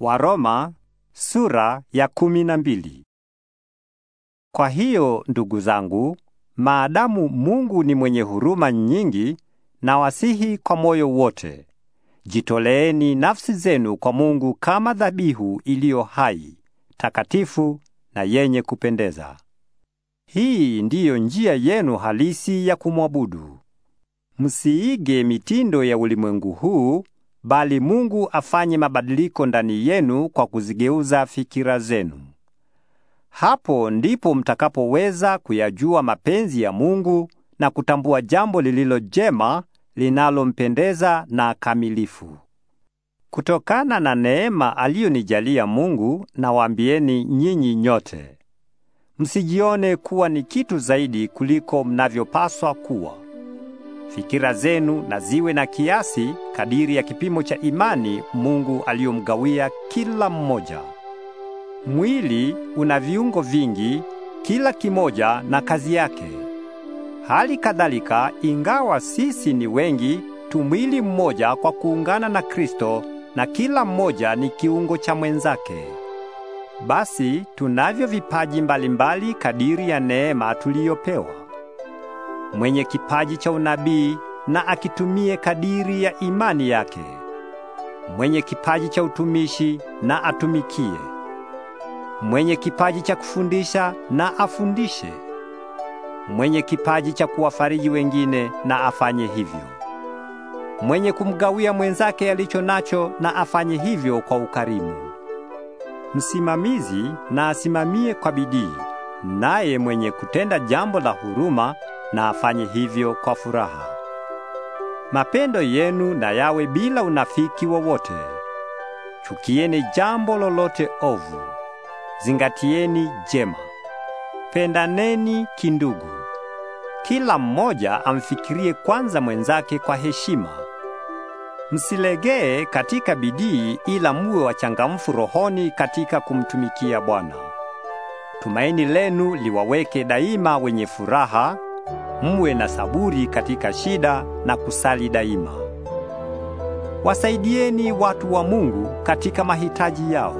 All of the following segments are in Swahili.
Waroma sura ya kumi na mbili. Kwa hiyo ndugu zangu, maadamu Mungu ni mwenye huruma nyingi, na wasihi kwa moyo wote, jitoleeni nafsi zenu kwa Mungu kama dhabihu iliyo hai, takatifu na yenye kupendeza. Hii ndiyo njia yenu halisi ya kumwabudu. Msiige mitindo ya ulimwengu huu bali Mungu afanye mabadiliko ndani yenu kwa kuzigeuza fikira zenu. Hapo ndipo mtakapoweza kuyajua mapenzi ya Mungu na kutambua jambo lililo jema, linalompendeza na kamilifu. Kutokana na neema aliyonijalia Mungu, nawaambieni nyinyi nyote, msijione kuwa ni kitu zaidi kuliko mnavyopaswa kuwa. Fikira zenu na ziwe na kiasi kadiri ya kipimo cha imani Mungu aliyomgawia kila mmoja. Mwili una viungo vingi, kila kimoja na kazi yake. Hali kadhalika, ingawa sisi ni wengi, tu mwili mmoja kwa kuungana na Kristo na kila mmoja ni kiungo cha mwenzake. Basi tunavyo vipaji mbalimbali kadiri ya neema tuliyopewa mwenye kipaji cha unabii na akitumie kadiri ya imani yake, mwenye kipaji cha utumishi na atumikie, mwenye kipaji cha kufundisha na afundishe, mwenye kipaji cha kuwafariji wengine na afanye hivyo, mwenye kumgawia mwenzake alicho nacho na afanye hivyo kwa ukarimu. Msimamizi na asimamie kwa bidii naye mwenye kutenda jambo la huruma na afanye hivyo kwa furaha. Mapendo yenu na yawe bila unafiki wowote. Chukieni jambo lolote ovu, zingatieni jema, pendaneni kindugu. Kila mmoja amfikirie kwanza mwenzake kwa heshima. Msilegee katika bidii, ila muwe wachangamfu rohoni katika kumtumikia Bwana tumaini lenu liwaweke daima wenye furaha, mwe na saburi katika shida na kusali daima. Wasaidieni watu wa Mungu katika mahitaji yao,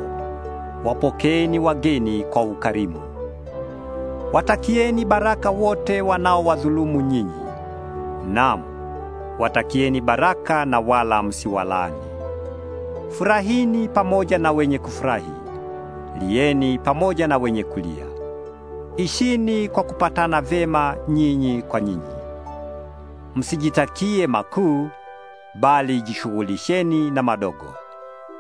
wapokeeni wageni kwa ukarimu. Watakieni baraka wote wanaowadhulumu nyinyi, naam, watakieni baraka na wala msiwalaani. Furahini pamoja na wenye kufurahi lieni pamoja na wenye kulia. Ishini kwa kupatana vema nyinyi kwa nyinyi. Msijitakie makuu, bali jishughulisheni na madogo.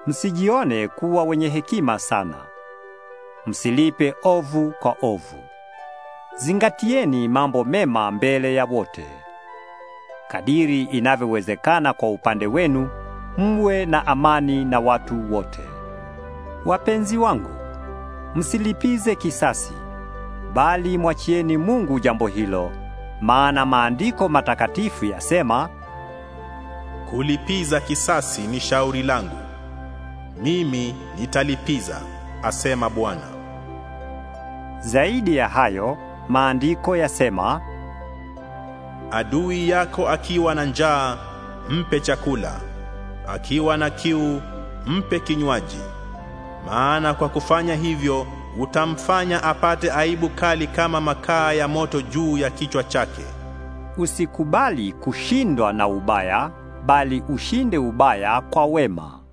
Msijione kuwa wenye hekima sana. Msilipe ovu kwa ovu. Zingatieni mambo mema mbele ya wote. Kadiri inavyowezekana kwa upande wenu, mwe na amani na watu wote. Wapenzi wangu, msilipize kisasi, bali mwachieni Mungu jambo hilo, maana maandiko matakatifu yasema, kulipiza kisasi ni shauri langu, mimi nitalipiza, asema Bwana. Zaidi ya hayo, maandiko yasema, adui yako akiwa na njaa mpe chakula, akiwa na kiu mpe kinywaji maana kwa kufanya hivyo utamfanya apate aibu kali kama makaa ya moto juu ya kichwa chake. Usikubali kushindwa na ubaya, bali ushinde ubaya kwa wema.